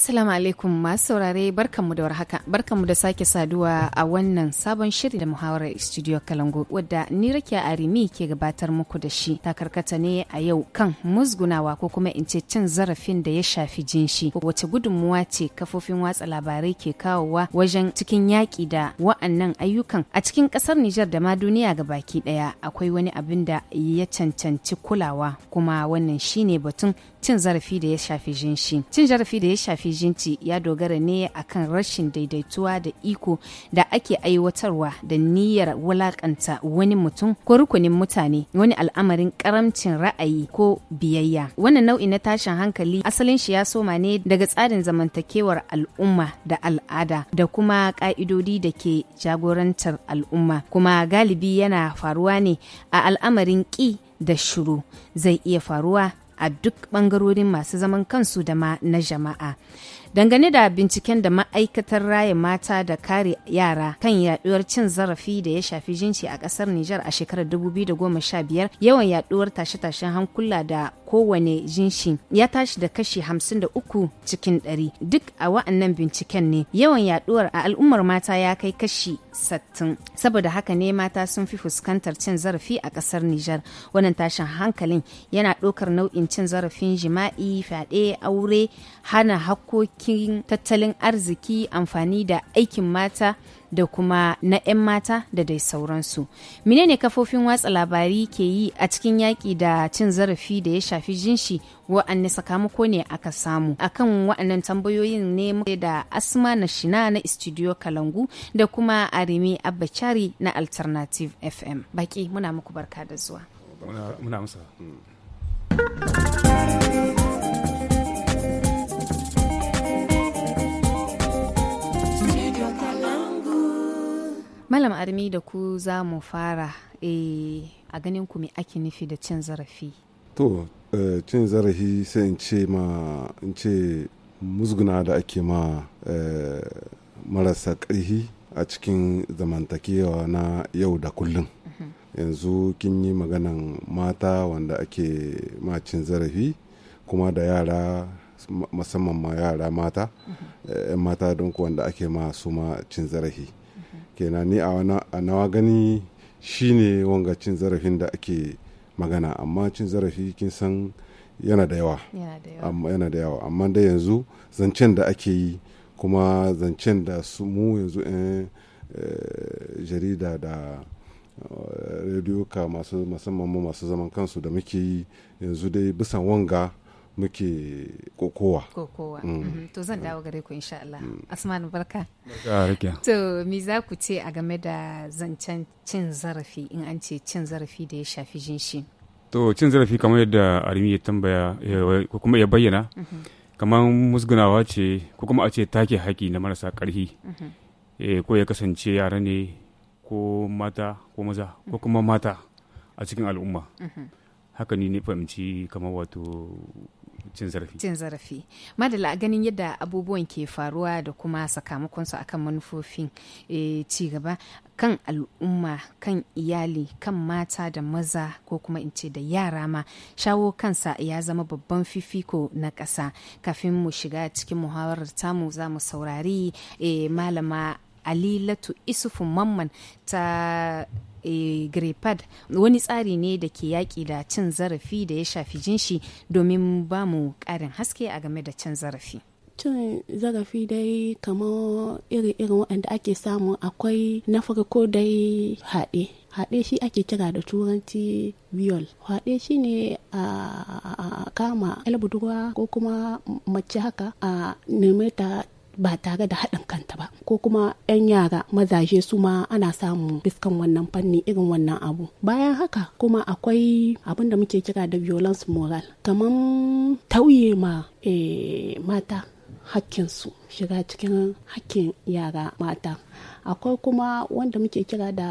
Assalamu alaikum masu saurare barkanmu da warhaka barkanmu da sake saduwa a wannan sabon shiri da muhawarar studio Kalango wadda ni Rakiya Arimi ke gabatar muku da shi takarkata ne a yau kan musgunawa ko kuma in ce cin zarafin da ya shafi jinshi wace gudunmuwa ce kafofin watsa labarai ke kawowa wajen cikin yaƙi da wa'annan ayyukan a cikin ƙasar Nijar da ma duniya ga baki ɗaya akwai wani abin da ya cancanci kulawa kuma wannan shine batun cin zarafi da ya shafi jinshi cin zarafi da ya shafi jinci ya dogara ne akan rashin daidaituwa da iko da ake aiwatarwa da niyyar wulakanta wani mutum ko rukunin mutane wani al'amarin karamcin ra'ayi ko biyayya wannan nau'i na tashin hankali asalin shi ya soma ne daga tsarin zamantakewar al'umma da al'ada da kuma ka'idodi da ke jagorantar al'umma kuma galibi yana faruwa ne a al'amarin ƙi da shuru zai iya faruwa a duk bangarorin masu zaman kansu da ma na jama'a. Dangane da binciken da ma'aikatar raya mata da kare yara kan yaduwar cin zarafi da ya shafi jinci a kasar Nijar a shekarar 2015 yawan yaduwar tashe-tashen hankula da kowane jinshi ya tashi da kashi 53 cikin 100 duk a wa'annan binciken ne yawan yaduwar a al'ummar mata ya kai kashi saboda haka ne mata sun fi fuskantar cin zarafi a kasar Nijar wannan tashin hankalin yana ɗaukar nau'in cin zarafin jima'i fyaɗe aure hana hakkokin tattalin arziki amfani da aikin mata da kuma na 'yan mata da dai sauransu. Menene kafofin watsa labari ke yi a cikin yaƙi da cin zarafi da ya shafi jinshi wa'anne sakamako ne aka samu. Akan wa'annan tambayoyin ne muke da Asma na Shina na Studio Kalangu da kuma Arimi Abbachari na Alternative FM. Baki muna muku barka da zuwa. muna musa. Malam Armi da ku za mu fara e, a ganin ku me ake nufi da cin zarafi. To, eh, cin zarafi sai in ce ma in ce musguna da ake ma eh, marasa ƙarfi a cikin zamantakewa na yau da kullum. Mhm. yanzu kin yi maganan mata wanda ake ma cin zarafi kuma da yara musamman ma yara mata mhm. yan mata don wanda ake ma su ma cin zarafi kenan ni a nawa gani shine wanga cin zarafin da ake magana amma cin zarafi kin san yana da yawa yana da yawa amma da yanzu zancen da ake yi kuma zancen da su mu yanzu 'yan eh, eh, jarida da eh, rediyoka masu musamman mu masu zaman kansu da muke yi yanzu dai bisa wanga muke kokowa. Kokowa. Mm. Mm-hmm. To zan dawo gare ku insha Allah. Mm. Asmanu barka. Barka To me za ku ce a game da zancen cin zarafi in an ce cin zarafi da ya shafi jinshi? To cin zarafi kamar yadda Arimi ya tambaya ko kuma ya bayyana. Mm-hmm. Kamar musgunawa ce ko kuma a ce take haƙi na marasa ƙarfi. Mm-hmm. Eh, ko ya kasance yara ne ko mata ko maza ko kuma mata a cikin al'umma. haka ni ne fahimci kamar wato cin zarafi madala ganin yadda abubuwan ke faruwa da kuma sakamakonsu akan manufofin e, ci gaba kan al'umma kan iyali kan mata da maza ko kuma in ce da yara ma shawo kansa ya zama babban fifiko na ƙasa kafin mu shiga cikin muhawarar tamu za mu saurari e, malama alilatu isufu mamman ta e, grepad wani tsari ne da ke yaƙi da cin zarafi da ya shafi jinshi domin ba mu ƙarin haske a game da cin zarafi cin zarafi dai kamar irin-irin waɗanda ake samu akwai na farko dai haɗe haɗe shi ake kira da turanci viol haɗe shi ne a kama budurwa ko kuma mace haka a neme ba tare da haɗin kanta ba ko kuma 'yan yara mazaje su ma ana samu biskan wannan fanni irin wannan abu bayan haka kuma akwai abin da muke kira da violence moral kamar tauye ma e, mata hakkinsu shiga cikin hakkin yara mata akwai kuma wanda muke kira da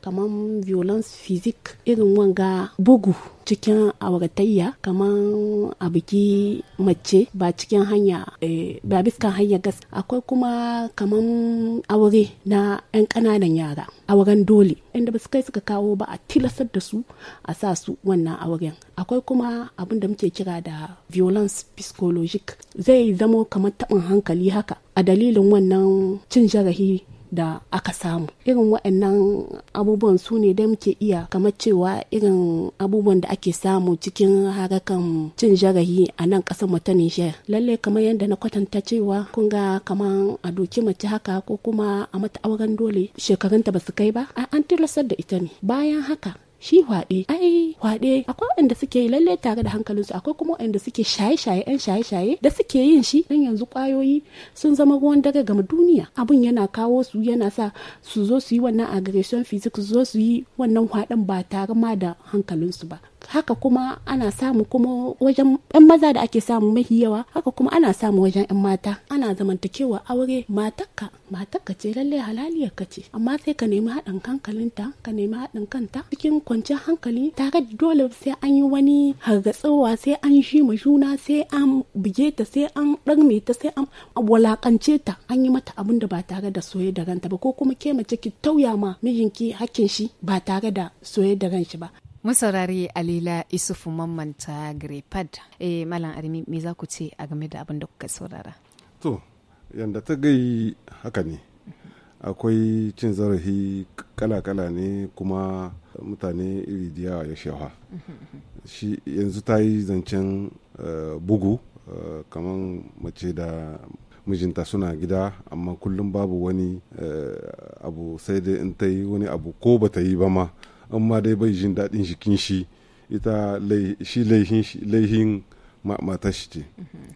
kaman violence physique irin wanga bugu cikin auratayya kaman a biki mace ba cikin hanya eh, ba biskan hanya gas akwai kuma kaman aure na 'yan ƙananan yara auren dole inda ba su kai suka kawo ba a tilastar da su a sa su wannan auren akwai kuma abin da muke kira da violence psychologique zai zamo kamar taɓin hankali haka a dalilin wannan cin jarahi da aka samu irin waɗannan abubuwan su ne da muke iya kamar cewa irin abubuwan da ake samu cikin harakan cin jarahi a nan ƙasar mu ta Nijar lalle kamar yadda na kwatanta cewa kun ga kamar a doki mace haka ko kuma a mata auren dole shekarunta ba su kai ba an tilasar da ita ne bayan haka shi hwaɗe ai hwaɗe akwai waɗanda suke yi lalle tare da hankalinsu akwai kuma waɗanda suke shaye-shaye yan shaye-shaye da suke yin shi dan yanzu kwayoyi sun zama ruwan dare game duniya abun yana kawo su yana sa su zo su yi wannan agression physics su zo su yi wannan hwaɗen ba tare ma da hankalinsu ba haka kuma ana samu kuma wajen yan maza da ake samu mahi yawa haka kuma ana samu wajen yan mata ana zamantakewa aure matakka matakka ce lallai halaliyar ka ce amma sai ka nemi haɗin hankalinta ka nemi haɗin kanta cikin kwanciyar hankali tare da dole sai an yi wani hargatsowa sai an shi ma juna sai an buge ta sai an ɗarme ta sai an walaƙance ta an yi mata abin da ba tare da soye da ranta ba ko kuma ke mace ki tauya ma mijinki hakkin shi ba tare da soye da ran shi ba saurari Alila Isufu Mammanta Grepad. Eh Malam Arimi me za ku ce a game da abin da kuka saurara? To, yanda ta gai haka ne. Akwai cin zarafi kala-kala ne kuma mutane iri da yawa ya shewa Shi yanzu ta yi zancen eh, bugu eh, kamar mace da mijinta suna gida amma kullum babu wani eh, abu sai dai in ta yi wani abu ko ba ta yi ba ma amma dai bai jin daɗin jikin shi ita shi laihin mata shi ce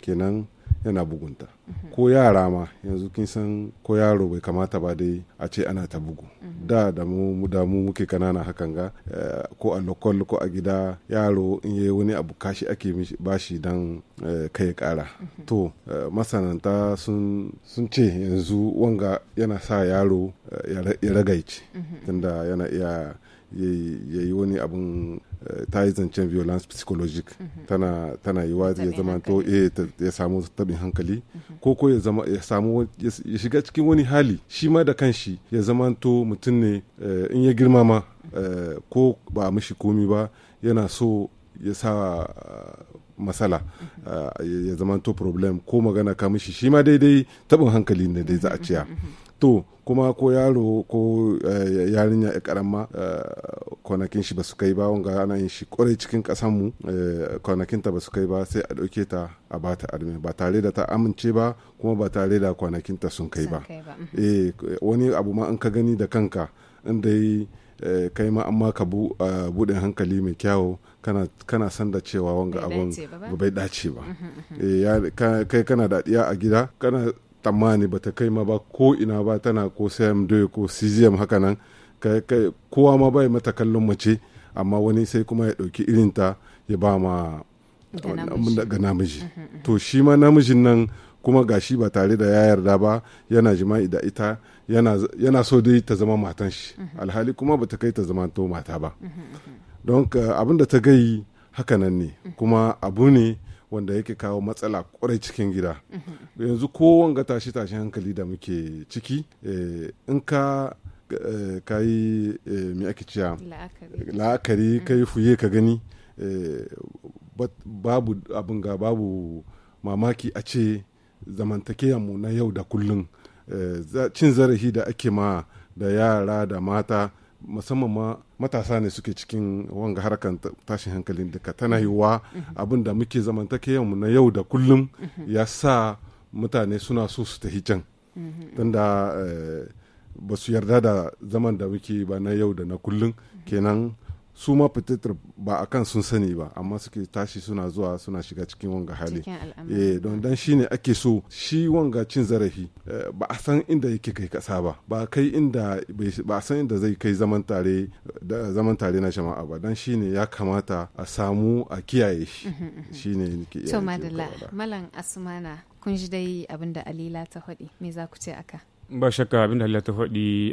kenan yana bugunta ko yara ma yanzu kin san ko yaro bai kamata ba dai a ce ana ta bugu da da mu da mu muke kanana hakan ga eh, ko a lokal ko a gida yaro in yayi wani abu kashi ake bashi dan eh, kai kara to eh, masananta sun ce yanzu wanga yana sa yaro ya ragaice tunda yana iya ya yi wani abin eh, ta yi zancen violence psychologic mhm. tana tana yiwa ya zama to eh, ya samu tabin hankali mhm. ko ko ya shiga cikin wani hali shi ma da kanshi ya zama to mutum ne eh, in ya girma ma ko ba mishi komi ba yana so ya sa ah, masala mhm. ah, ya zama to problem ko magana ka mishi shi ma daidai tabin hankali ne dai za a ciya to kuma ko yaro ko eh, yarinya ya eh, karama eh, kwanakin shi ba su kai ba wanga ana yin shi kwarai cikin kasan mu kwanakin ta ba su kai ba sai a dauke ta a bata arme ba tare da ta amince ba kuma ba tare da kwanakin ta sun kai ba mhm. eh wani abu ma an ka gani da kanka inda yi kai ma amma ka buɗin hankali mai kyawo kana san da cewa wanga abun bai dace ba mhm, mhm. kai kana daɗiya a gida kana tsammani ba ta kai ma ba ko ina ba tana ko cm2 ko cgm haka nan kowa ma bai mata kallon mace amma wani sai kuma ya ɗauki irinta ya ba ma ga namiji mm-hmm, mm-hmm. to shi ma namijin nan kuma ga shi ba tare da ya yarda ba yana jima'i da ita yana so dai ta zama matan shi mm-hmm. alhali kuma ba ta kai ta zama to mata ba don abin da ta gai hakanan ne kuma abu ne wanda yake kawo matsala kwarai cikin gida yanzu kowanga tashe tashi tashi hankali da muke ciki eh, in ka eh, ka yi eh, mai ake ciya la'akari mm. ka yi fuye ka gani babu abin ga babu mamaki a ce mu na yau da kullum cin zarafi da ake ma da yara da mata musamman ma matasa ne suke cikin wanga harkar tashin hankalin duka tana yiwuwa abin da muke zamantake yau na yau da kullum ya sa mutane suna so su tafi can tunda eh, ba su yarda da zaman da muke ba na yau da na kullum kenan su ma ba a kan sun sani ba amma suke tashi suna zuwa suna shiga cikin wanga hali eh don dan shine ake so shi wanga cin zarafi eh, ba a san inda yake kai kasa ba ba kai inda ba a san inda zai kai zaman tare zaman na jama'a ba dan shine ya kamata a samu a kiyaye shi mhm, mhm, mhm. shine to madalla malam asmana kun ji dai abinda alila ta hodi me za ku ce aka ba shakka abin da ta faɗi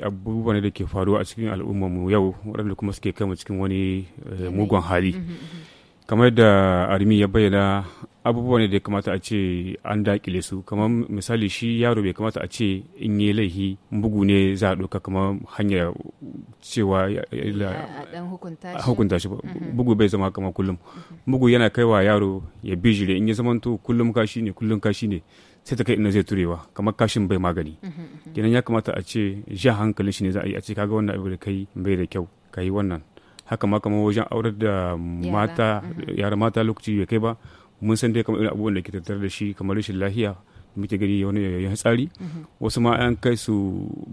ne da ke faruwa a cikin al'ummarmu yau waɗanda kuma suke kama cikin wani eh, mugun hali mm-hmm, mm-hmm. kamar da armi ya bayyana ne da ya kamata a ce an dakile su kamar misali shi yaro bai kamata a ce in yi laihi bugu ne za a ɗauka kamar hanyar cewa hukunta shi mm-hmm. bugu bai zama kamar kullum bugu yana kaiwa yaro ya bijire in ya zamanto kullum kashi ne kullum kashi ne sai ta kai ina zai turewa kamar kashin bai magani kenan ya kamata a ce ja hankalin shi ne za a yi a ce kaga wannan abu da kai bai da kyau ka yi wannan haka ma kamar wajen aurar da mata mm-hmm. yara mata lokaci bai kai ba mun san dai kamar irin abubuwan da ke tattare da shi kamar rashin lahiya muke gani wani yayin tsari mm-hmm. wasu ma an kai su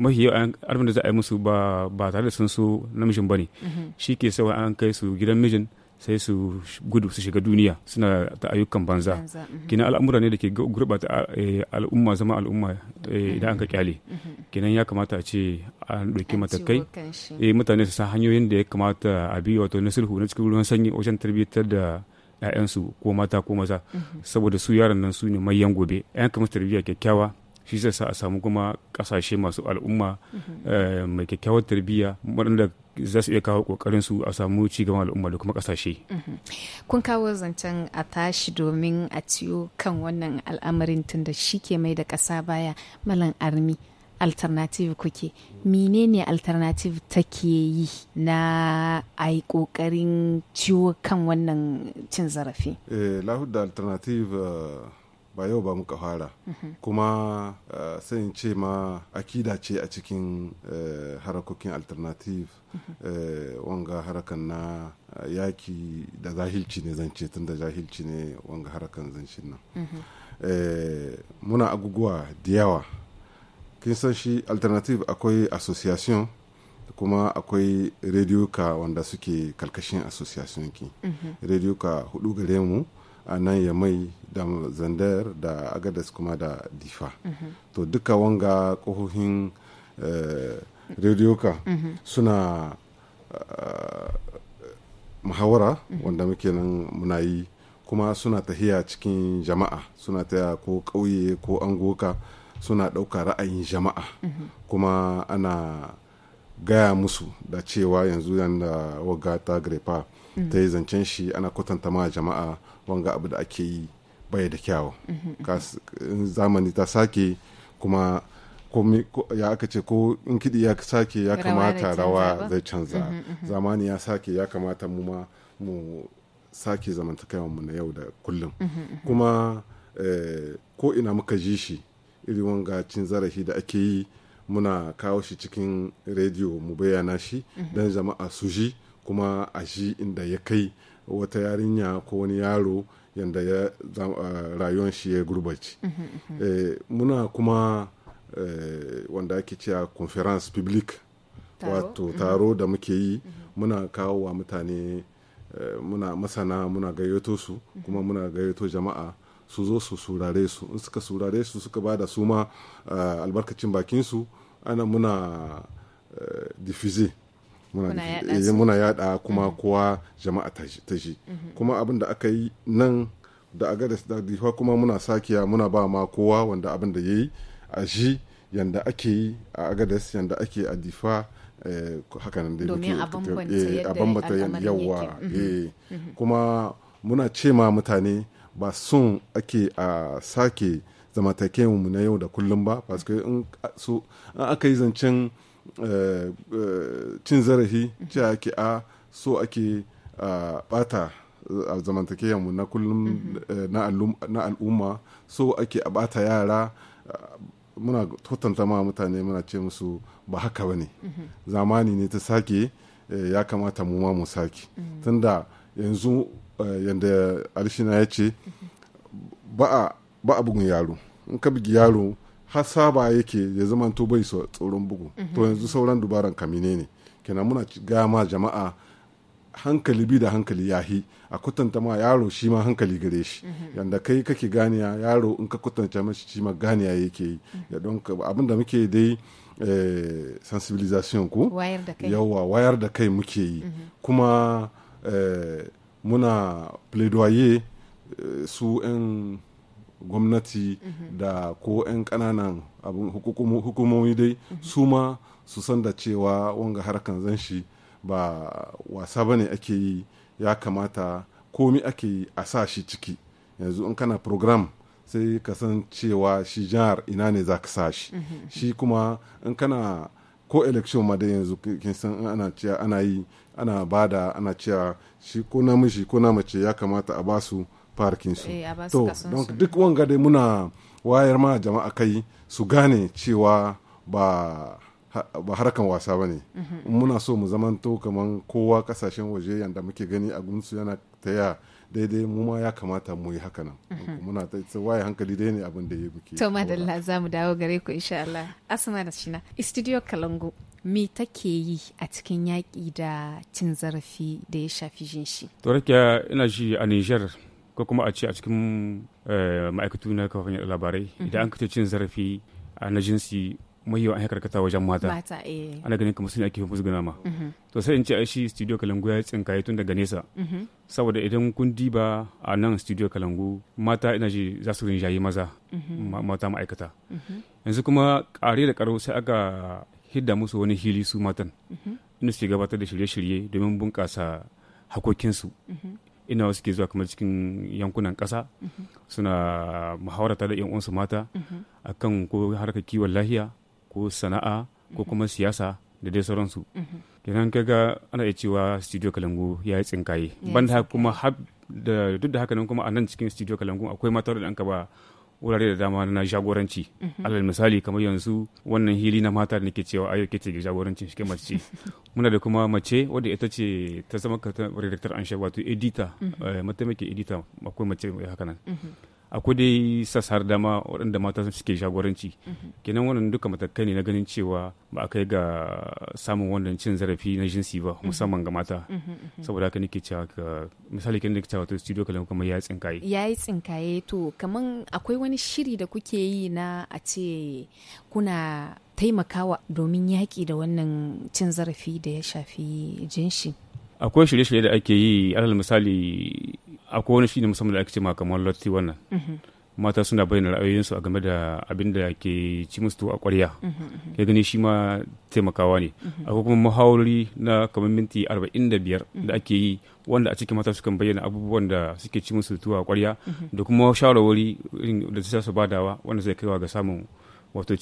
mafi yau abin da za a yi musu ba tare da sun so namijin ba ne mm-hmm. shi ke sawa an kai su gidan mijin sai su gudu su shiga duniya suna ta ayyukan banza mhm. kenan al'amura ne da ke gurɓata eh, al'umma zama al'umma eh, mhm. idan an ka kyale mhm. kenan ya kamata a ce an ɗauki matakai eh, mutane su san hanyoyin da ya kamata a bi wato na sulhu na cikin ruwan sanyi wajen tarbiyyar da ‘ya'yansu ko mata ko maza saboda su yaran nan su ne yan gobe ‘yan kamar tarbiyya kyakkyawa shi zai sa a samu kuma kasashe masu al'umma eh, mai kyakkyawar tarbiyya waɗanda za su iya kawo kokarin su a samu ci cigaban al'umma da kuma kasashe. Mhm. kun kawo zancen a tashi domin a ciyo kan wannan al'amarin tun da shi ke mai da ƙasa baya malan armi alternative kuke menene alternative take yi na a yi kokarin ciwo kan wannan cin zarafi eh, alternative eh, ba yau ba muka fara kuma eh, sai ce ma akida ce a cikin eh, harakokin alternative eh, wanga harakan na yaki da zahilci ne zance tun da zahilci ne wanga harakan zancin nan muna aguguwa da yawa kin san shi alternative akwai association kuma akwai rediyoka wanda suke kalkashin association ki rediyoka hudu gare mu a nan ya mai da zandar da agadas kuma da difa to duka wanga kohohin eh, rediyoka suna eh, muhawara wanda muke nan muna yi kuma suna tahiya cikin jama'a suna taya ko ƙauye ko angoka suna ɗauka ra'ayin jama'a kuma ana gaya musu da cewa yanzu yanda waga ta grepa ta yi zancen shi ana kwatanta ma jama'a wanga abu da ake yi bai da kyawu zamani ta sake kuma ya aka ce ko in kiɗi ya sake ya kamata rawa zai canza mhm, mhm, mhm. zamani ya sake ya kamata mu ma mu sake zamantakewanmu mu na yau da kullum kuma eh, ko ina muka ji shi iri wanga cin zarafi da ake yi muna kawo shi cikin rediyo mu bayyana shi don jama'a su ji kuma a ji inda ya kai wata yarinya ko wani yaro yadda ya rayuwar shi ya gurbaci. Mhm, mhm. eh, muna kuma eh, wanda ake cewa conference public wato mhm. taro da muke yi muna kawo wa mutane eh, muna masana muna gayyato su kuma muna gayyato jama'a su zo su surare su in suka surare su suka ba da su ma albarkacin bakinsu ana muna diffuse muna yada eh, kuma mm-hmm. kowa jama'a ta shi mm-hmm. kuma abin da aka yi nan da a gada da difa kuma muna sakiya muna ba ma kowa wanda abin da ya yi a shi yanda ake yi a agadas yanda ake a difa eh, hakanan da a bambanta eh, yawa mm-hmm. kuma muna ce ma mutane ba sun ake a sake zamantakewa mu na yau da kullum ba parce in aka yi zancen Eh, eh, cin zarafi cewa ake a so ake bata a zamantakeyanmu na kullum mhm. eh, na al'umma so ake a bata yara muna totanta ma mutane muna ce musu ba haka ba ne mhm. zamani ne ta sake ya kamata mu ma mu sake mhm. tunda yanzu yadda Alishina ya ce ba a bugun yaro in ka bugi yaro har saba yake ya zama to bai tsoron bugu to mhm. yanzu sauran dubaran kamine ne kenan muna ga ma jama'a hankali bi da hankali yahi a kwatanta ma yaro shi ma hankali gare shi mhm. yanda kai kake ganiya yaro in ka kwatanta mashi shi ma ganiya yake yi mhm. ya don abin da muke dai eh, sensibilisation ku yawa wayar da kai muke yi kuma eh, muna plaidoyer eh, su 'yan gwamnati da ko 'yan ƙananan hukumomi dai su ma su san da cewa wanga harkan shi ba wasa ba ne ake yi ya kamata komi ake yi a sa shi ciki yanzu in kana program sai ka san cewa shi jihar ina ne za ka sa shi shi kuma in kana ko election ma da yanzu kin san ana cewa ana yi ana bada ana cewa shi ko namiji ko na ya kamata a basu parkinsu eh, to duk wanga dai muna wayar ma jama'a kai su gane cewa ba ba harkan wasa ba ne mhm. muna so mu zamanto kamar kowa kasashen waje yadda muke gani a gunsu yana taya daidai mu ma ya kamata mu yi haka nan mhm. muna ta waye hankali dai ne abin da ya muke to madalla za mu dawo gare ku insha Allah asma da shina studio kalango me take yi a cikin yaƙi da cin zarafi da ya shafi jinshi to ina ji a Niger ko kuma a ce a cikin eh, ma'aikatu na kafin yaɗa labarai mhm. idan an kace cin zarafi a na jinsi mai yawan an karkata wajen mata eh. ana ganin kamar suna ake fi musguna ma mhm. to sai in ce shi studio kalangu ya tsinkaye tun daga nesa mhm. saboda idan kun diba a nan studio kalangu mata ina ji za su rinjaye maza mata ma'aikata yanzu kuma kare da ƙaro sai aka hidda musu wani hili su matan inda suke gabatar da shirye-shirye domin bunƙasa hakokinsu ina wasu ke zuwa kamar cikin yankunan ƙasa mhm. suna muhawarata da 'yan uwansu mata mhm. akan ko harkar kiwon lahiya ko sana'a ko mhm. kuma siyasa da dai sauransu kenan ga ana iya cewa studio kalangu ya yi tsinkaye banda kuma duk da haka nan kuma a nan cikin studio kalangu akwai mata da an ka ba wurare da dama na jagoranci mhm. alal misali kamar yanzu wannan hili na mata da nake cewa ayo ke ga jagorancin shi mace muna da kuma mace wadda ita ce ta zama ka redaktar an wato edita mhm. eh, mataimakin edita akwai mace haka nan mhm. akwai dai sassar dama waɗanda mata suke jagoranci kenan wannan duka matakai ne na ganin cewa ba a kai ga samun wannan cin zarafi na jinsi ba musamman ga mata saboda haka nake cewa misali kan nake cewa to studio kalan kuma ya tsinkaye ya tsinkaye to kaman akwai wani shiri da kuke yi na a ce kuna taimakawa domin yaƙi da wannan cin zarafi da ya shafi jinsi akwai shirye-shirye da ake yi alal misali akwai wani shi ne musamman da ake ce ma kamar lotti wannan mhm. mata suna bayyana ra'ayoyinsu a game da abin da ke ci musu a ƙwarya ya mhm, mhm. gani shi ma taimakawa ne akwai kuma muhawarori na kamar minti 45 da biyar ake yi wanda a cikin mata suka bayyana abubuwan da suke ci musu tuwa a ƙwarya da kuma shawarwari da su badawa wanda zai kaiwa ga samun wato eh,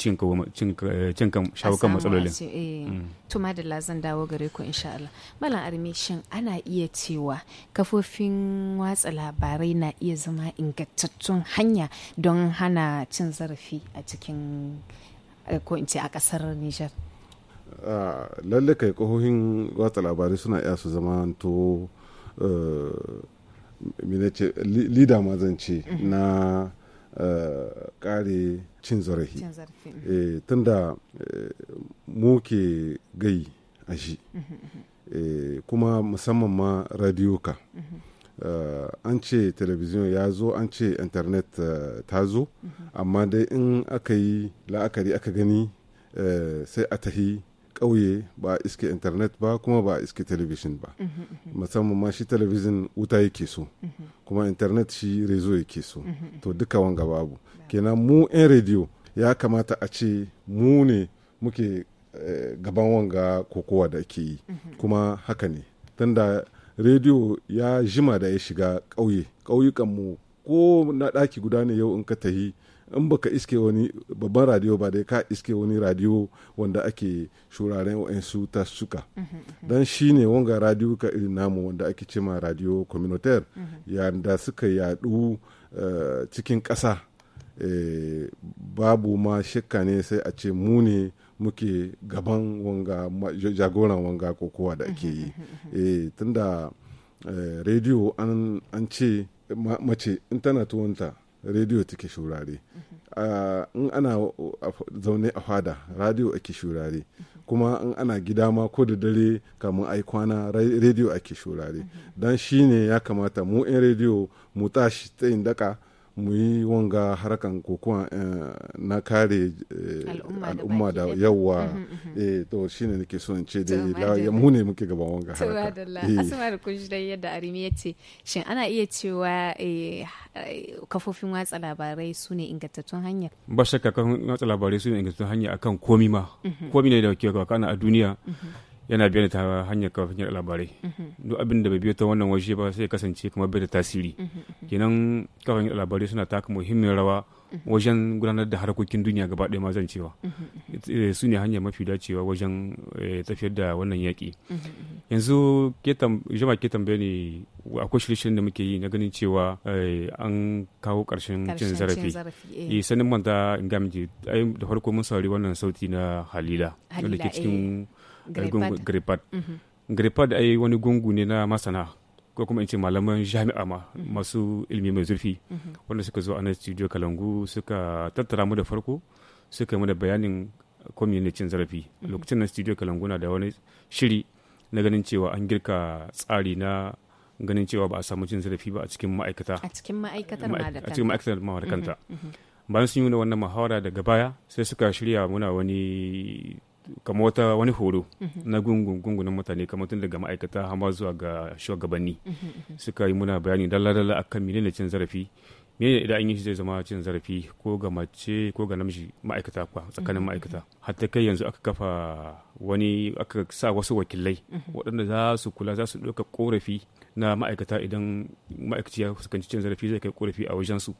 cin kan shawo kan matsalolin eh, mm. to zan dawo gare ku insha Allah malam armi shin ana iya cewa kafofin watsa labarai na iya zama ingantattun hanya don hana cin zarafi a cikin eh, ko in ce a kasar Nijar lalle kai watsa labarai suna iya su zama to lida mazance mm-hmm. na kare cin zarafi mm-hmm. eh, tunda eh, mu ke gai a shi mm-hmm, mm-hmm. Eh, kuma musamman ma radiyoka an ce telebijin ya zo an ce internet ta zo amma dai in aka yi la'akari aka gani sai a tahi kauye ba a iske internet ba kuma ba a iske television ba mhm, mhm. musamman ma shi television wuta yake so mhm. kuma internet shi rezo yake so to duka wanga babu kenan mu 'yan rediyo ya kamata a ce mu ne muke eh, gaban wanga kokowa da ake yi kuma haka ne tunda rediyo ya jima da ya shiga ƙauye mu ko na ɗaki guda ne yau in ka tahi in baka iske wani babban radio ba dai ka iske wani radio wanda ake shuraren wa'ansu ta suka mm-hmm. don shi ne wanga radio ka irin namu wanda ake cema radio communautaire mm-hmm. yadda suka yadu eh, cikin ƙasa eh, babu ma shakka ne sai a ce mu ne muke gaban wanga jagoran wanga kokowa da ake yi mm-hmm, eh, tunda radio an ce mace in tana tuwanta rediyo take shurare in ana zaune a fada radio ake shurare kuma in ana gida ma ko da dare kamun ai kwana rediyo ake shurare don shi ne ya kamata mu 'yan rediyo mu tashi tsayin daka mu yi wanga harkan kokuwa eh, na kare eh, al'umma da yawa mm-hmm, mm-hmm. eh, to shine nake so in ce dai mu ne muke gaban wanga haraka da kun da yadda arimi ya ce shin ana iya cewa kafofin watsa labarai su ne ingantattun hanya ba shakka kafofin watsa labarai su ne ingantattun hanya akan komi ma mm-hmm. komi ne da ke kana a duniya yana biyan ta hanyar kafin labarai mhm. duk abin da bai biyo ta wannan waje ba sai kasance kamar bai da tasiri mhm, mhm. kenan kafin labarai suna taka muhimmin rawa wajen gudanar da harkokin duniya gaba ɗaya mazan cewa eh, su ne hanyar mafi dacewa wajen eh, tafiyar da wannan yaƙi yanzu jama ke tambaye ne akwai shirye-shiryen da muke yi na ganin cewa eh, an kawo ƙarshen cin zarafi sanin manta in gamji da farko mun saurari wannan sauti na halila wanda ke gripad gripad mhm. ai wani gungu ne na masana ko kuma in ce malaman jami'a ma mhm. masu ilmi mai zurfi mhm. wanda suka zo a nan studio kalangu suka tattara mu da farko suka yi mu da bayanin kwamitin zarafi lokacin na studio kalangu na da wani shiri na ganin cewa an girka tsari na ganin cewa ba a samu cin zarafi ba a cikin ma'aikata a cikin ma'aikatar a cikin ma'aikatar ma da kanta bayan sun yi wannan muhawara daga baya sai suka shirya muna wani kamar wata wani horo mhm. na gungun gungunan mutane kamar tun daga ma'aikata hama zuwa ga shugabanni mhm, mhm, suka yi muna bayani dalla-dalla akan menene cin zarafi menene idan an yi shi zai zama cin zarafi ko ga mace ko ga namiji ma'aikata kwa tsakanin ma'aikata hatta kai yanzu aka kafa wani aka sa wasu wakilai waɗanda za su kula za su ɗauka korafi na ma'aikata idan ma'aikaci ya fuskanci cin zarafi zai kai korafi a wajensu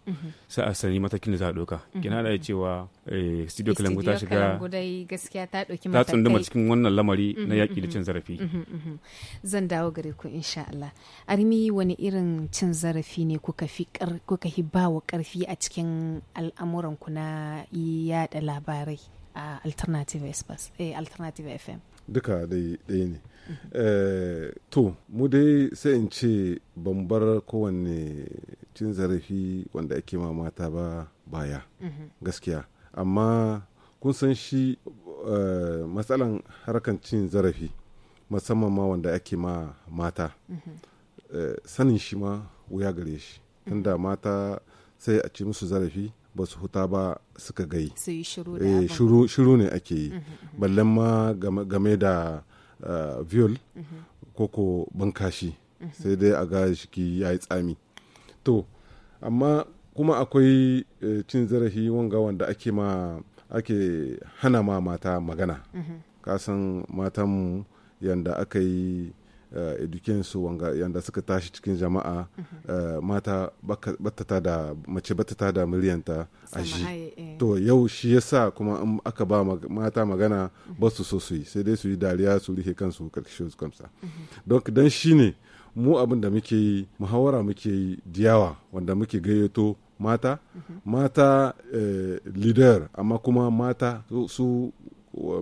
sai a sani matakin da za a ɗauka kina da cewa Eh, studio kalangu ta shiga ta tsunduma cikin wannan lamari na mm-hmm, yaƙi da mm-hmm. cin zarafi mm-hmm, zan dawo gare ku insha Allah armi wani irin cin zarafi ne kuka fi ba wa bawa karfi a cikin al'amuran ku na yaɗa labarai a alternative eh, fm duka dai ɗaya ne eh, to mu dai sai in ce bambar kowanne cin zarafi wanda ake ma mata ba baya gaskiya amma kun san shi eh, matsalan harkar cin zarafi musamman ma wanda ake ma mata mhm. eh, sanin shi ma wuya gare shi tunda mhm. mata sai a ci musu zarafi ba su huta ba suka gai eh, shiru ne ake yi mhm, ballen ma game da viol koko bankashi sai dai a ga shiki ya yi tsami to amma kuma akwai eh, cin zarafi wanga wanda ake ma ake hana ma mata magana mm-hmm. kasan matanmu yanda aka yi uh, su wanga yanda suka tashi cikin jama'a mm-hmm. eh, mata batata da mace batata da miliyanta a shi to yau shi yasa kuma aka ba mata magana mm-hmm. ba su so su yi sai dai su yi dariya su rike kansu karshe su kamsa don dan shi ne mu abin da muke yi muhawara muke yi diyawa wanda muke gayyato mata mhm. mata eh, leader amma kuma mata su, su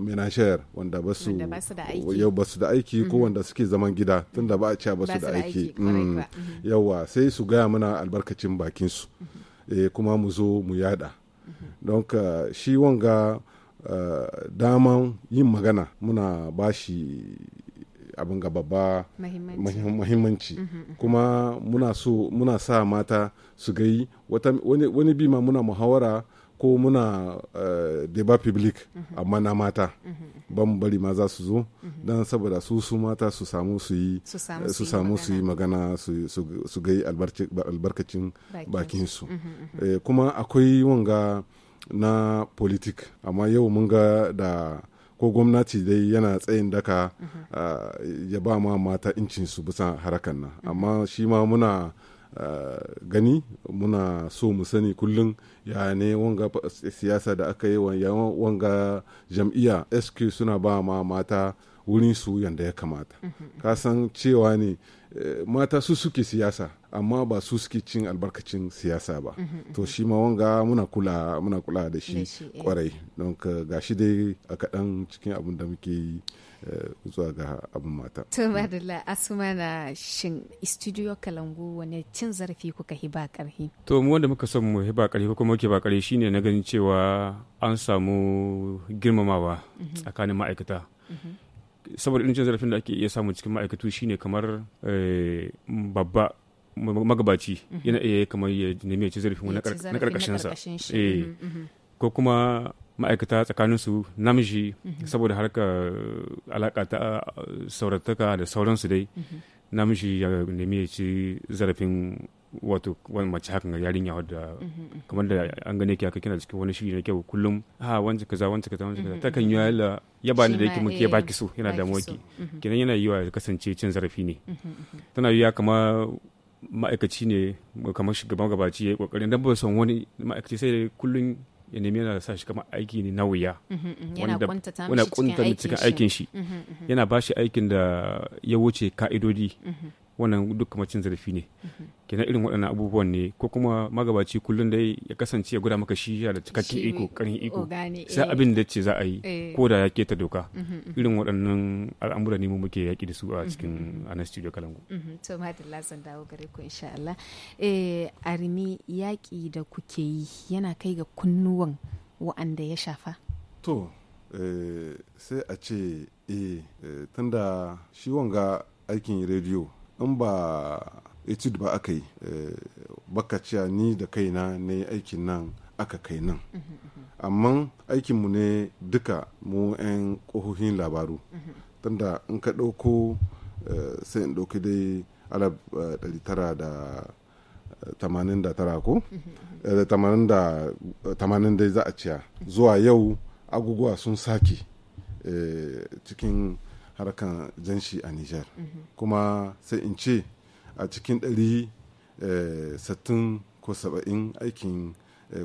menasher wanda ba su yau ba su da aiki ko mhm. wanda suke zaman gida tun da ba a cewa ba su da aiki mm. mhm. yawa sai su gaya mana albarkacin bakinsu eh, kuma mu zo mu yada don shi wanga eh, daman yin magana muna bashi. abin ga babba muhimmanci mm-hmm. kuma muna so muna sa mata su gai wani bi ma muna muhawara ko muna eh, deba public mm-hmm. amma na mata mm-hmm. ban bari ma za su zo don saboda su su mata su samu su yi eh, magana su gai albarkacin bakinsu eh, kuma akwai wanga na politik amma yau mun ga da ko gwamnati dai yana tsayin daka ya ba ma mata incin su bisa harakan nan amma shi ma muna gani muna so mu sani kullum ya ne wanga siyasa da aka yi wa wanga jam'iyya sq suna ba ma mata wurin su yadda ya kamata mm-hmm. kasan cewa ne Eh, mata su suke siyasa amma ba su suke cin albarkacin siyasa ba mhm, to mhm. shi ma wanga muna kula muna kula da shi eh. kwarai don ga shi dai a kaɗan cikin abin da muke yi eh, zuwa ga abin mata to madalla asuma na shin studio kalangu wani cin zarafi kuka hiba karhi to mu wanda muka son mu hiba karhi ko kuma muke ba karhi shine na ganin cewa an samu girmamawa mhm. tsakanin ma'aikata saboda irin cin zarafin da ake iya samu cikin ma'aikatu shine kamar eh, babba magabaci mhm. yana iya kamar ya nemi cin zarafin zarafin na karkashinsa eh. mhm, mhm. ko kuma ma'aikata tsakaninsu namiji saboda harka alaka ta saurataka da sauransu dai namiji ya nemi ya ci zarafin wato wani mace hakan yarinya wadda mm-hmm, mm-hmm. kamar da an gane ki haka kina cikin wani shiri na kyau kullum ha wanci kaza wanci kaza wanci kaza mm-hmm, takan yi yalla ya bani da yake muke baki eh, so yana da ki kenan yana yiwa ya kasance cin zarafi ne tana yiwa kama ma'aikaci ne kamar shugaban gabaci ya kokari dan ba son wani ma'aikaci sai kullum ya nemi yana sa shi kamar aiki ne na wuya wanda kuntata cikin aikin shi yana ba shi aikin da ya wuce ka'idodi wannan duk macin zarafi ne kenan irin waɗannan abubuwan ne ko kuma magabaci kullum dai ya kasance ya guda maka shi yana da cikakken iko karin iko sai eh. abin da ce za a yi eh. ko da ya keta doka mhm, mhm. irin waɗannan al'amura ne mu muke yaƙi da su a mhm, cikin anan studio kalangu to da lasan dawo gare ku insha Allah eh armi yaƙi da kuke yi yana kai ga kunnuwan wa'anda ya shafa to eh, sai a ce eh tunda shi wanga aikin rediyo in ba etude ba aka yi eh, baka cewa ni da kaina na yi aikin nan aka kai nan amma aikinmu ne duka mu 'yan ƙohohin labaru tunda in ka ɗauko eh, sai in ɗauki dai alab 989 eh, ko da 80 dai za a ciya zuwa yau aguguwa sun sake cikin harkar janshi a niger mhm. kuma sai in ce a cikin 160 eh, ko saba'in aikin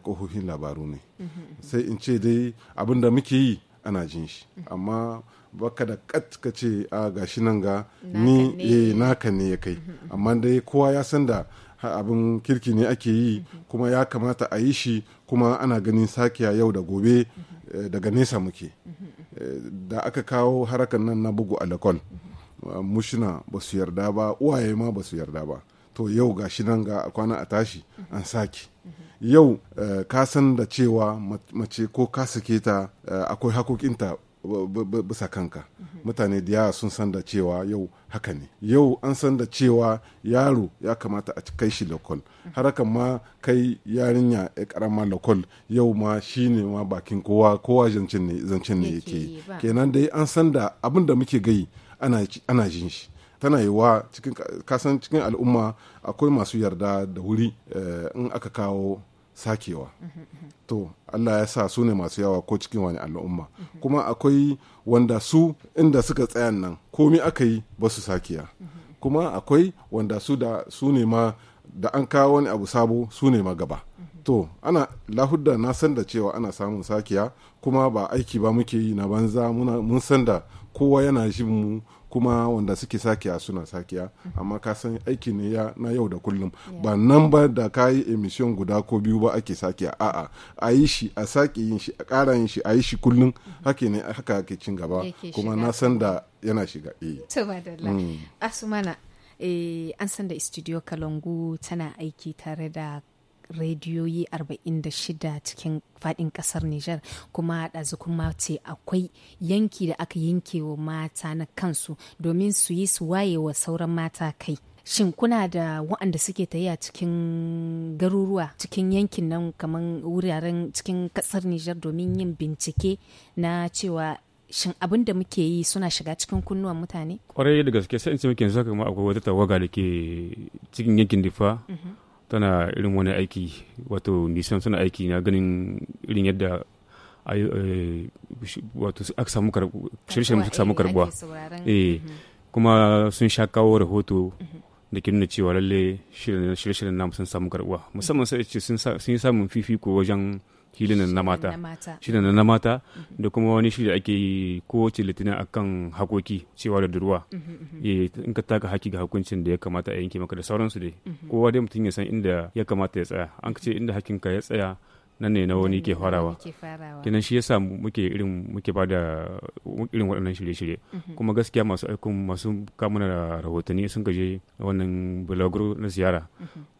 kohohin eh, labaru ne mhm. sai in ce dai abin da muke yi ana jin shi mhm. amma baka da kat ka ce a gashi nan ga ni eh, naka ne ya kai amma dai kowa ya san da abin kirki ne ake yi kuma ya kamata a yi shi kuma ana ganin sakiya yau da gobe Eh, daga nesa muke eh, da aka kawo harakan nan na bugu lakon eh, mushina ba su yarda ba uwaye ma ba su yarda ba to yau ga shi nan ga kwana a tashi an saki yau ka san da cewa mace ko ka sake ta akwai hakokinta bisa kanka mutane da yawa sun san da cewa yau haka ne yau an san da cewa yaro ya kamata a kai shi lokol har haka ma kai yarinya ya eh, karama lokol yau ma shi ne ma bakin kowa kowa zancen ne zancen ne yake yi kenan dai an san da abin da muke gai ana jin shi tana yiwa cikin kasan cikin al'umma akwai masu yarda da wuri eh, in aka kawo sakewa to Allah ya sa su ne masu yawa ko cikin wani al'umma kuma akwai wanda su inda suka tsayan nan komi aka yi ba su sakiya kuma akwai wanda su da su ne ma da an kawo wani abu sabo su ne ma gaba to ana lahudda na san da cewa ana samun sakiya kuma ba aiki ba muke yi na banza mun san da kowa yana jin mu kuma wanda suke sakiya suna sakiya mm-hmm. amma ka san aiki ne ya na yau da kullum ba nan ba da ka yi emission guda ko biyu ba ake sakiya a'a a yi shi a sake yin shi a ƙara yin shi a yi shi kullum mm-hmm. haka ne haka ake cin gaba kuma na san da yana shiga e. asumana eh an san da studio kalangu tana aiki tare da rediyoyi 46 cikin fadin kasar Nijar kuma ɗazu kuma ce akwai yanki da aka yanke wa mata na kansu domin su yi su waye wa sauran mata kai. Shin kuna da waɗanda suke a cikin garuruwa cikin yankin nan kamar wuraren cikin kasar Nijar domin yin bincike na cewa shin abin da muke yi suna shiga cikin kunnuwan mutane? Kwarai da gaske sai in ce muke zaka akwai wata tawaga da ke cikin yankin difa. Mhm. tana irin wani aiki wato nisan suna aiki na ganin irin yadda eh, wato aka samu karbuwa shirye samu karbuwa kuma sun sha kawo rahoto mm-hmm. da ke nuna cewa lalle shirye-shiryen namu sun samu karbuwa musamman sai ce sun yi samun fifiko wajen hilin na mata shirin na mata mm-hmm. da kuma wani shiri ake yi kowace litinin akan hakoki cewa da durwa mm-hmm, mm-hmm. eh, in ka taka haki ga hukuncin da ya kamata a yanke maka da sauransu dai kowa dai mutum ya san inda ya kamata ya tsaya an ce inda hakinka ya tsaya nan ne na wani ke farawa kenan shi yasa muke irin muke ba da irin waɗannan shirye-shirye kuma gaskiya masu aikun masu kamuna rahotanni sun gaje wannan bulaguro na ziyara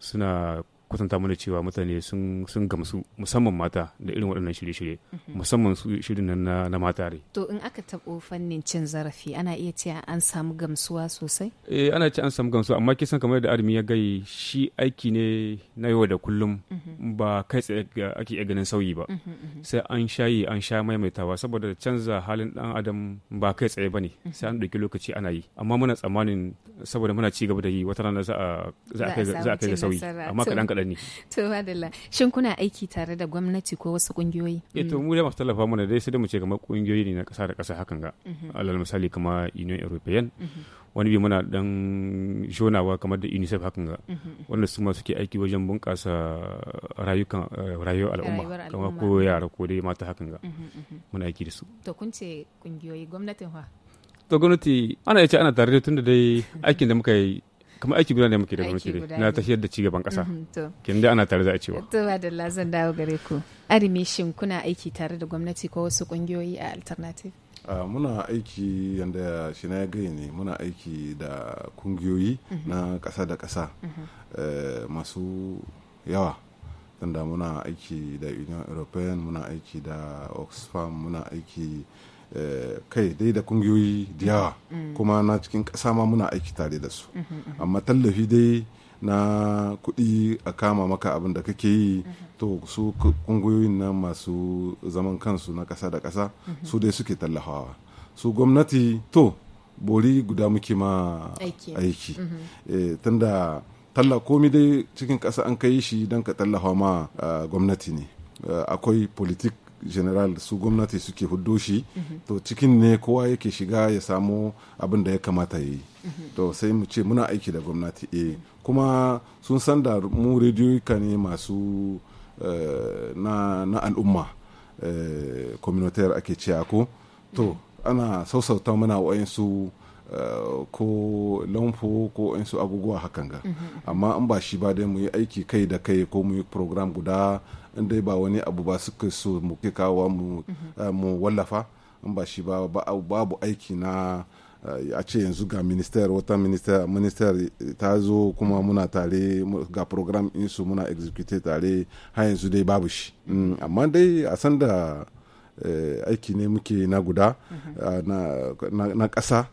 suna kwatanta mana cewa mutane sun gamsu musamman mata da irin waɗannan shirye-shirye mhm. musamman su shirin nan na mata ne. To in aka taɓo fannin cin zarafi ana iya ce an samu gamsuwa sosai? Eh ana ce an samu gamsuwa amma kisan kamar da armi ya gai shi aiki ne na yau da kullum mhm. ba kai tsaye ake iya ganin sauyi ba mhm, sai an shayi an sha maimaitawa saboda canza halin ɗan adam ba kai tsaye ba ne sai an ɗauki lokaci ana yi amma muna tsammanin saboda muna ci gaba da yi wata rana za a kai ga sauyi amma kaɗan kaɗan ne. to madalla shin kuna aiki tare da gwamnati ko wasu kungiyoyi eh to mu da masu tallafa mana dai sai da mu ce kamar kungiyoyi ne na kasa da kasa hakan ga mhm. alal misali kama union european mhm. wani bi muna dan shonawa kamar da unicef hakan ga mhm, wanda su ma suke aiki wajen bunƙasa rayukan eh, rayuwar al'umma kamar ko yara ko dai mata hakan ga muna aiki da su to kun ce kungiyoyi gwamnatin fa to gwamnati ana yace ana tare da da dai aikin da muka yi kamar aiki guda ne muke da gwamnati ne na tafiyar da cigaban kasa mhm, kin dai ana tare da a cewa to da lazan dawo gare ku arimi shin kuna aiki tare da gwamnati ko wasu kungiyoyi a alternative muna aiki yadda shi na gai ne muna aiki da kungiyoyi mhm. na kasa da kasa mhm. eh, masu yawa tunda muna aiki da union european muna aiki da oxfam muna aiki kai dai da kungiyoyi da yawa kuma na cikin kasa ma muna aiki tare da su amma tallafi dai na kuɗi a kama maka abin da kake yi to su kungiyoyin nan masu zaman kansu na ƙasa da ƙasa su dai suke tallafawa su gwamnati to bori guda muke ma aiki mhm. eh, tunda talla komi dai cikin ƙasa an kai shi don ka tallafa ma ah, gwamnati ne ah, akwai politik general su gwamnati suke huddo shi mhm. to cikin ne kowa yake shiga ya samu abin da ya kamata yi mhm. to sai mu ce muna aiki da gwamnati eh mhm. kuma sun san da mu rediyoyika ne masu eh, na, al'umma eh, communautaire ake cewa ko to ana sausauta mana wa'insu su eh, ko lamfo ko su abubuwa hakan ga amma an ba shi ba dai mu yi aiki kai da kai ko mu yi program guda in dai ba wani abu ba suka so mu kawo eh, mu wallafa in ba shi ba babu aiki na eh, a ce yanzu ga minister wata minister minister ta zo kuma muna tare ga program insu muna execute tare har yanzu dai babu shi mm, amma dai a san da eh, aiki ne muke na guda na ƙasa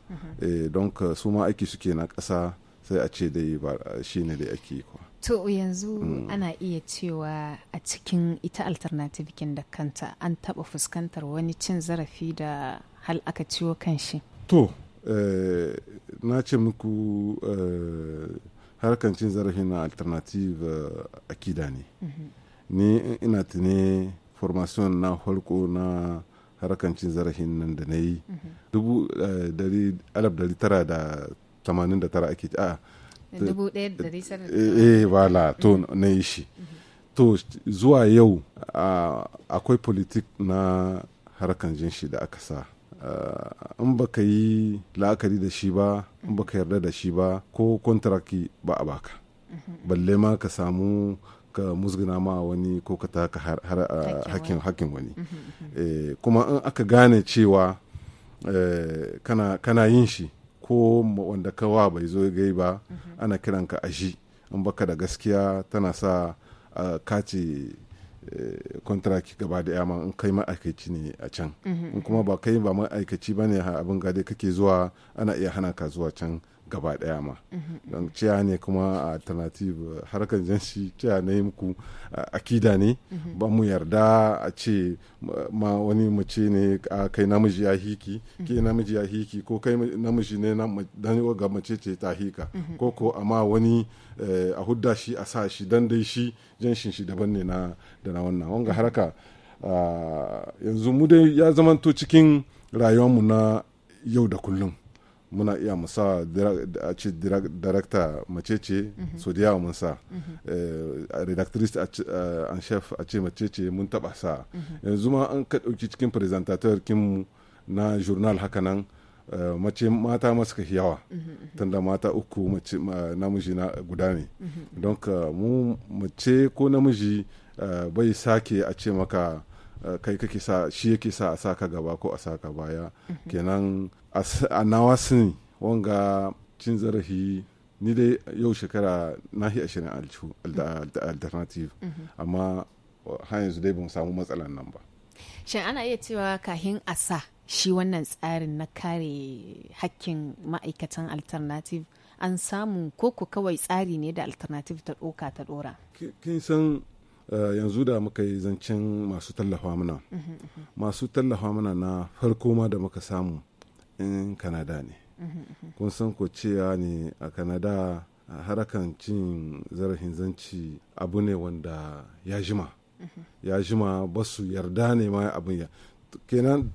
don su ma aiki suke na ƙasa sai a ce dai shi ne dai ake kuwa to yanzu ana iya cewa a cikin ita alternative da kanta an taɓa fuskantar wani cin zarafi da hal aka ciwo kan shi to eh, na ce muku eh, harkan cin zarafi na alternative eh, akida ne mhm. ni ina tuni formation na farko na harkan cin zarafin nan da na yi 1989 -hmm. alif dari tara da tamanin da tara ake a eh wala eh, eh, to mm-hmm. na yi shi to zuwa yau akwai politik na harkan jin shi da aka sa in baka yi la'akari da shi ba in baka yarda da shi ba ko kontraki ba a baka mm-hmm. balle ma ka samu ka musguna ma wani ko ka taka hakin wani mm-hmm, eh, kuma in aka gane cewa kana yin shi ko wanda kawa bai zo gai ba ana kiran ka ashi in baka da gaskiya tana sa kaci kontraki eh, gaba da yama in kai ma'aikaci ne a can mhm. in kuma ba kai ba ma'aikaci ba ne abin gade kake zuwa ana iya hana ka zuwa can gaba daya ma mhm, mhm. don ciya ne kuma a alternative harkar janshi ciya na yi muku akida ne mhm. ba mu yarda a ce ma wani mace ne kai namiji ya hiki ke namiji ya hiki ko kai namiji ne dan ga mace ce ta hika ko ko amma wani eh, a hudda shi a sa shi dan dai shi janshin shi daban ne na da na wannan wanga haraka yanzu mu dai ya zamanto cikin rayuwarmu na yau da kullum muna iya musa a ce darakta mace ce mhm. so da yawa mun sa mhm. eh, redactrice an eh, chef a ce mace ce mun taba sa mhm. yanzu ma an ka dauki cikin presentator kinmu na journal nan eh, mace mata masu ka yawa tunda mata uku mace namiji na guda ne don mu mace ko namiji bai sake a ce maka kai kake sa shi yake sa a saka gaba ko a saka baya mhm. kenan a nawa sani wanga cin zarafi ni dai yau shekara na ashirin alternative mhm. amma hanyar yanzu dai ban samu matsalan nan ba shin ana iya cewa kahin a sa shi wannan tsarin na kare hakkin ma'aikatan alternative an samu koko kawai tsari ne da alternative ta ɗoka ta ɗora kin san Eh, yanzu da muka yi zancen masu tallafa mana masu tallafa mana na farko ma da muka samu in kanada ne kun san ko cewa ne a kanada harakan cin zarafin zanci abu ne wanda ya jima ya jima ba su yarda ne ma abin ya kenan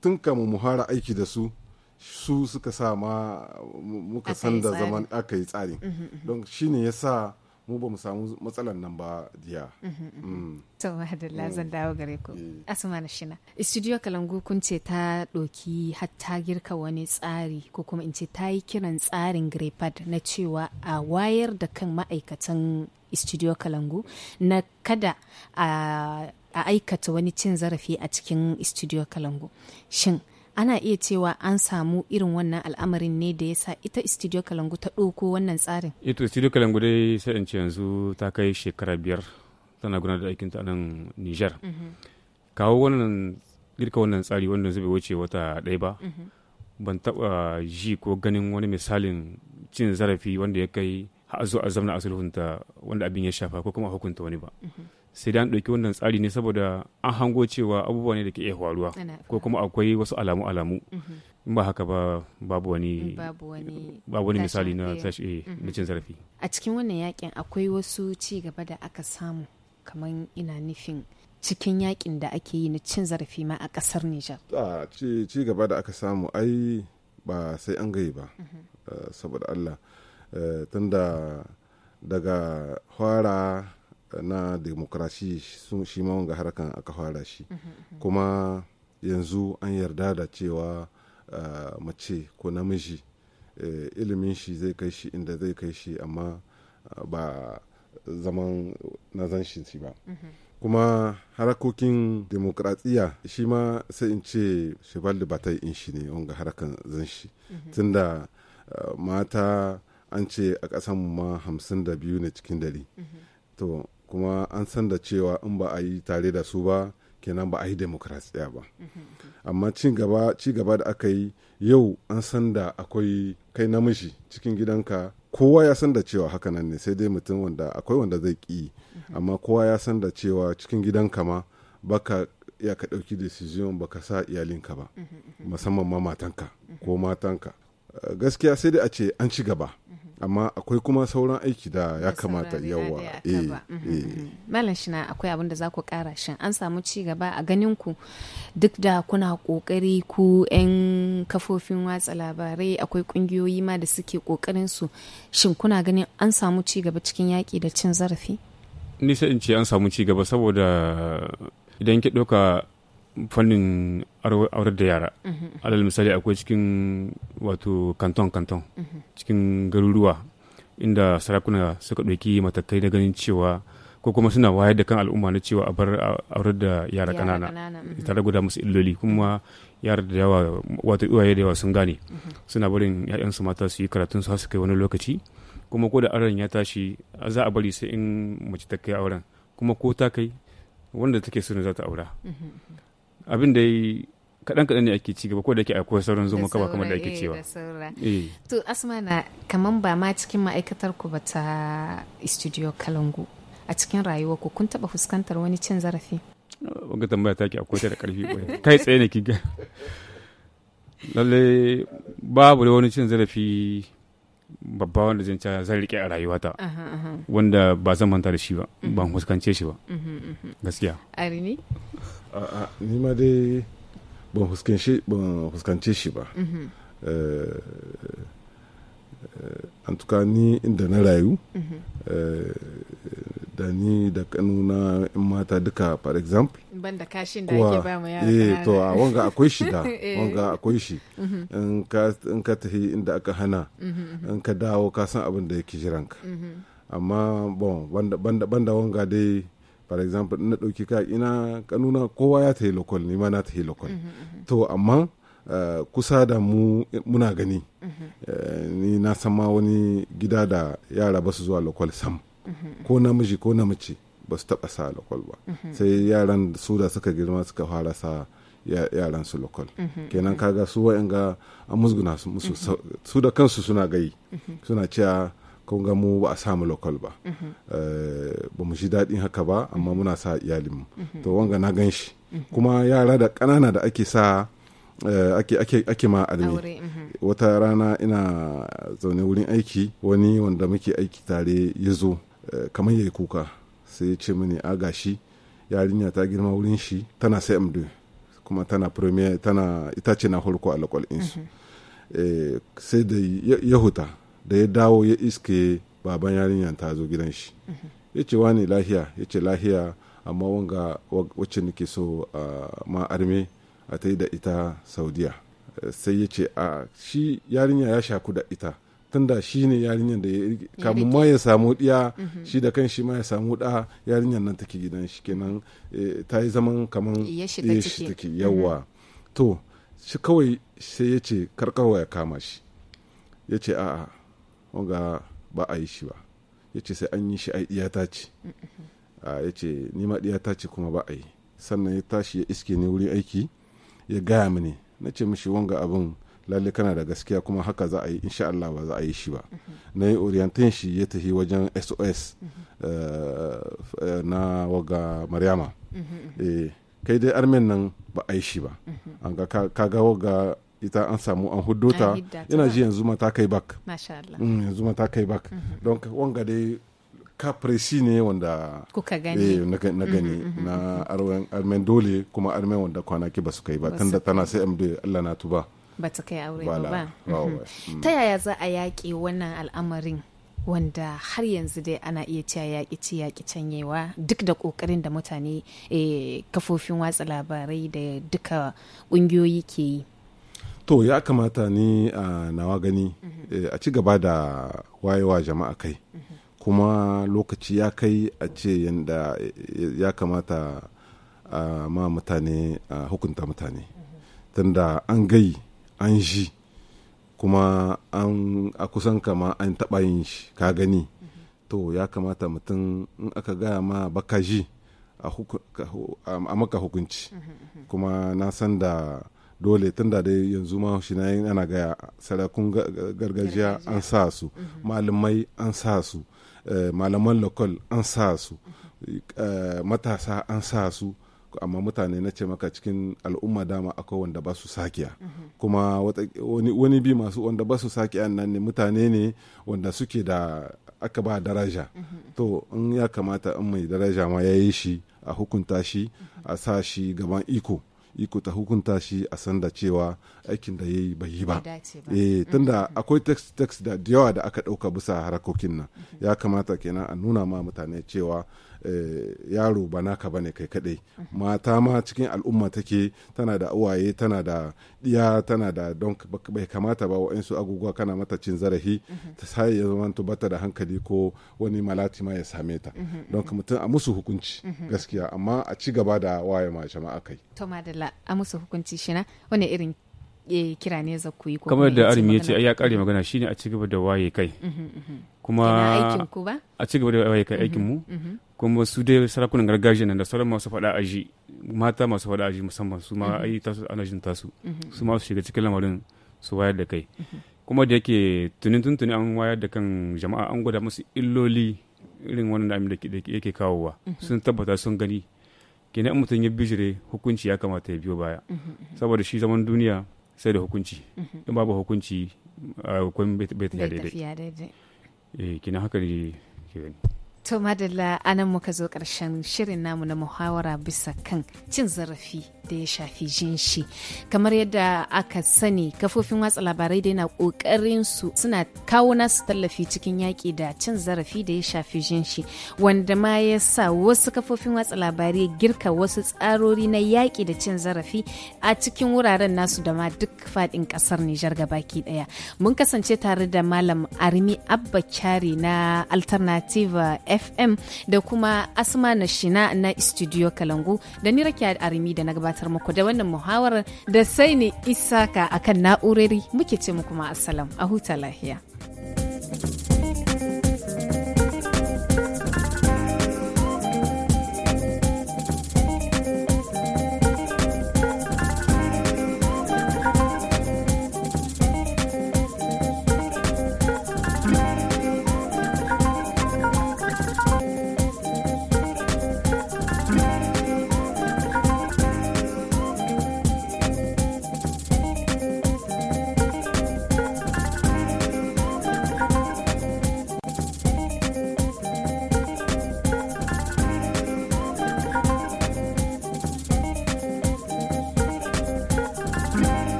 tun kama mu fara aiki da su su suka sa ma muka san da zaman aka yi tsari don ne ya sa mu ba mu samu matsalan nan ba jiya. Mhm, mhm, mhm. mm. to madalla mm. zan dawo gare ku eh. asuma na shina studio kalangu kun ce ta ɗoki hatta girka wani tsari ko kuma in ce ta yi kiran tsarin grepad na cewa a wayar da kan ma'aikatan studio kalangu na kada a aikata wani cin zarafi a cikin studio kalangu shin ana iya cewa an samu irin wannan al'amarin ne da ya sa ita studio kalangu ta ɗauko wannan tsarin ita eh studio kalangu dai sai in ce yanzu ta kai shekara biyar tana gudanar da aikinta a nan niger mhm. kawo wannan girka wannan tsari wanda zai wuce wata ɗaya ba mhm. ban taɓa ji ko ganin wani misalin cin zarafi wanda ya kai har zuwa a zamna a sulhunta wanda abin ya shafa ko kuma hukunta wani ba mhm. sai da ɗauki wannan tsari ne saboda an hango cewa abubuwa ne da ke iya faruwa ko kuma akwai wasu alamu alamu mhm. in ba haka ba babu wani babu wani misali na tashi eh, na mhm. cin zarafi a cikin wannan yakin akwai wasu ci gaba da aka samu kamar ina nufin cikin yakin da ake yi na cin zarafi ma a kasar Nijar. A ci gaba da aka samu ai ba sai an gai ba mhm. eh, saboda Allah eh, tunda daga fara na demokrasi shi ma wanga harkan aka fara shi mhm, mhm. kuma yanzu an yarda da cewa mace ko namiji e, ilimin shi zai kai shi inda zai kai shi amma ba zaman na zan shi ba mhm. kuma harakokin demokratiya shi ma sai in ce shibaldi ba ta in shi ne wanga harakan zan shi tunda mata an ce a ƙasan ma hamsin da biyu ne cikin dari to kuma an san da cewa in ba a yi tare da su ba kenan ba a yi demokrasiya ba amma ci gaba da aka yi yau an san da akwai kai namiji cikin gidanka kowa ya san da cewa hakanan ne sai dai mutum wanda akwai wanda zai ki amma kowa ya san da cewa cikin gidanka ma baka ya ka ɗauki decision baka sa iyalinka ba musamman ma matanka ko matanka gaskiya sai dai a ce an ci gaba amma akwai kuma sauran aiki da ya kamata yawa eh, mhm, eh. mhm. malam shina akwai abin da za ku kara shin an samu ci gaba a ganin ku duk da kuna kokari ku 'yan kafofin watsa labarai akwai kungiyoyi ma da suke kokarin su shin kuna ganin an samu ci gaba cikin yaƙi da cin zarafi nisa in ce an samu ci gaba saboda idan ki ɗauka fannin aurar da yara mhm. alal misali akwai cikin wato kanton kanton mhm. cikin garuruwa inda sarakuna suka ɗauki matakai na ganin cewa ko kuma suna wayar da kan al'umma na cewa a bar aurar da yara kanana mhm. tare guda musu illoli kuma yara da yawa wato iwaye da yawa sun gane suna barin 'ya'yansu mata su yi karatun su su kai wani lokaci kuma ko da ya tashi za a bari sai in mace ta kai auren kuma ko ta kai wanda take so za ta aura abin da yi kaɗan kaɗan ne ake ci gaba ko da yake aiko sauran zuma kaba kamar da ake cewa eh. to asmana kaman ba ma cikin ma'aikatar ku ba ta studio kalangu a cikin rayuwar ku kun taɓa fuskantar wani cin zarafi wanga tambaya ta ke akwai ta da ƙarfi kai tsaye ne ki ga lalle babu da wani cin zarafi babba wanda zan zan rike a rayuwata wanda ba zan manta da shi ba mhm. ban fuskance shi ba mhm, mhm. gaskiya arini a'a ni ma dai ban fuskance ban fuskance shi ba eh, eh, an tuka ni inda na rayu eh, da ni da kanuna in mata duka for example ban da kashin da ake ba mu yara eh to a wanga akwai shi da wanga eh. akwai shi mhm. in ka in ka tafi inda aka hana mhm, mhm. in ka dawo ka san abin da yake jiranka amma bon banda banda banda wanga dai for example ina dauki ka ina kanuna kowa ya tafi local ni ma na tafi local to amma Uh, kusa da mu eh, muna gani uh, ni na sama wani gida da yara ba su zuwa lokal sam ko namiji ko namici ba su taɓa sa lokal ba sai yaran su da suka girma suka fara sa yaran su lokal kenan kaga su ga an musguna su musu su da kansu suna gai suna cewa kun ga mu ba a samu lokal ba eh, ba mu shi daɗin haka ba amma muna sa iyalin mu. to wanga na gan shi kuma yara da ƙanana da ake sa eh, ake ake ake ma almi mhm. wata rana ina zaune wurin aiki wani wanda muke aiki tare ya zo Eh, kamar ya yi kuka sai ya ce mini a shi yarinya ta girma wurin shi tana cm2 kuma tana premier tana ita ce na farko a insu mhm. eh, sai da ya huta da ya dawo ya iske baban yarinya ta zo gidan shi mhm. ya ce wani lahiya ya ce lahiya amma wanga wacce nake so ma arme a ta yi da ita saudiya eh, sai ya ce a shi yarinya ya shaku da ita tunda shi ne yarinyar da ya. kamun ma ya samu ɗiya mhm. shi da kan shi ma ya samu ɗa yarinyar nan take gidan shi kenan eh, ta yi zaman kamar ya shi take yawa mhm. to shi kawai sai ya ce karkawa ya kama shi ya ce a'a wanga ba a yi shi ba ya ce sai an yi shi ai ce mhm. ah, ya ni ma ce kuma ba a yi sannan ya tashi ya iske ne wurin aiki ya gaya mini na ce mishi wanga abin lalle kana da gaskiya kuma haka za a yi insha Allah ba za a yi shi ba na yi orientin shi ya tafi wajen sos eh, eh, na waga maryama eh, kai dai armen nan ba a yi shi ba an ga kaga waga ita an samu an huddo ta ina ji yanzu mata kai bak mm, yanzu mata kai bak don wanga dai kapresi ne wanda kuka gani na gani na mm-hmm, mm-hmm. armen dole kuma armen wanda kwanaki ba su kai ba tunda tana sai md Allah na tuba ba ta kai aure ba ba mhm. mm. ta yaya za a yaƙi wannan al'amarin wanda har yanzu dai ana iya cewa yaƙi ci yaƙi canyewa duk da ƙoƙarin da mutane eh, kafofin watsa labarai da duka ƙungiyoyi ke yi to ya kamata ni a nawa gani mhm. eh, a ci gaba da wayewa jama'a kai mhm. kuma lokaci ya kai a ce yadda eh, ya kamata ma mutane hukunta mutane tunda an gai an shi kuma an a kusan kama an taɓa yin shi ka gani to ya kamata mutum in aka gaya ma baka ji a maka hukunci kuma na san da dole tun da dai yanzu ma shi na ana gaya sarakun gargajiya an sa su mm-hmm. malamai an sa su eh, malaman lokal an sa su eh, matasa an sa su amma mutane na ce maka cikin al'umma dama akwai wanda ba su sakiya mhm. kuma wani bi masu wanda ba su sakiya nan ne mutane ne wanda suke da aka ba daraja mhm. to in ya kamata in mai daraja ma ya yi shi a hukunta shi mhm. a sa shi gaban iko iko ta hukunta shi a sanda cewa aikin da ya yi bai yi ba eh tunda akwai text text da yawa da aka ɗauka bisa harakokin nan ya kamata kenan a nuna ma mutane cewa Eh, yaro ba naka bane kai kadai mata ma cikin al'umma take tana da uwaye tana da iya tana da don bai kamata ba wa'insu aguguwa kana mata cin zarafi ta sai ya zama bata da hankali ko wani malati ma ya same ta don mutum a musu hukunci gaskiya amma a ci gaba da waye ma jama'a kai to madalla a musu hukunci shina wani irin eh, kira ne za ku yi kamar da arimi yace ce ya kare magana shine a ci gaba da waye kai mhm, mhm. kuma a ci gaba da waye kai aikin mu mhm, kuma su dai sarakunan gargajiya nan da sauran masu faɗa a ji mata masu faɗa a ji musamman su ma mhm. ai tasu ana jin tasu mhm. su ma su shiga cikin lamarin su wayar da kai mhm. kuma da yake tunin tuntuni an wayar da kan jama'a an gwada musu illoli irin wannan da da yake kawowa sun tabbata sun gani kenan in mutum ya bijire hukunci ya kamata ya biyo baya saboda shi zaman duniya sai da hukunci in babu hukunci akwai bai tafiya daidai eh, kina haka ne ke gani To madalla anan muka zo ƙarshen shirin namu na muhawara bisa kan cin zarafi da ya shafi shi kamar yadda aka sani kafofin watsa labarai dai na kokarin su suna kawo nasu tallafi cikin yaƙi da cin zarafi da ya shafi jinshi wanda ma ya sa wasu kafofin watsa labarai girka wasu tsarori na yaƙi da cin zarafi a cikin wuraren nasu da ma duk faɗin ƙasar Nijar gabaki ɗaya mun kasance tare da malam Armi Abba Kyari na Alternative FM da kuma Asma na shina na Studio Kalangu da ni Rakiya Armi da na gabata. gabatar muku da wannan muhawar da sai ni isaka akan na'urori muke ce muku ma a huta lahiya.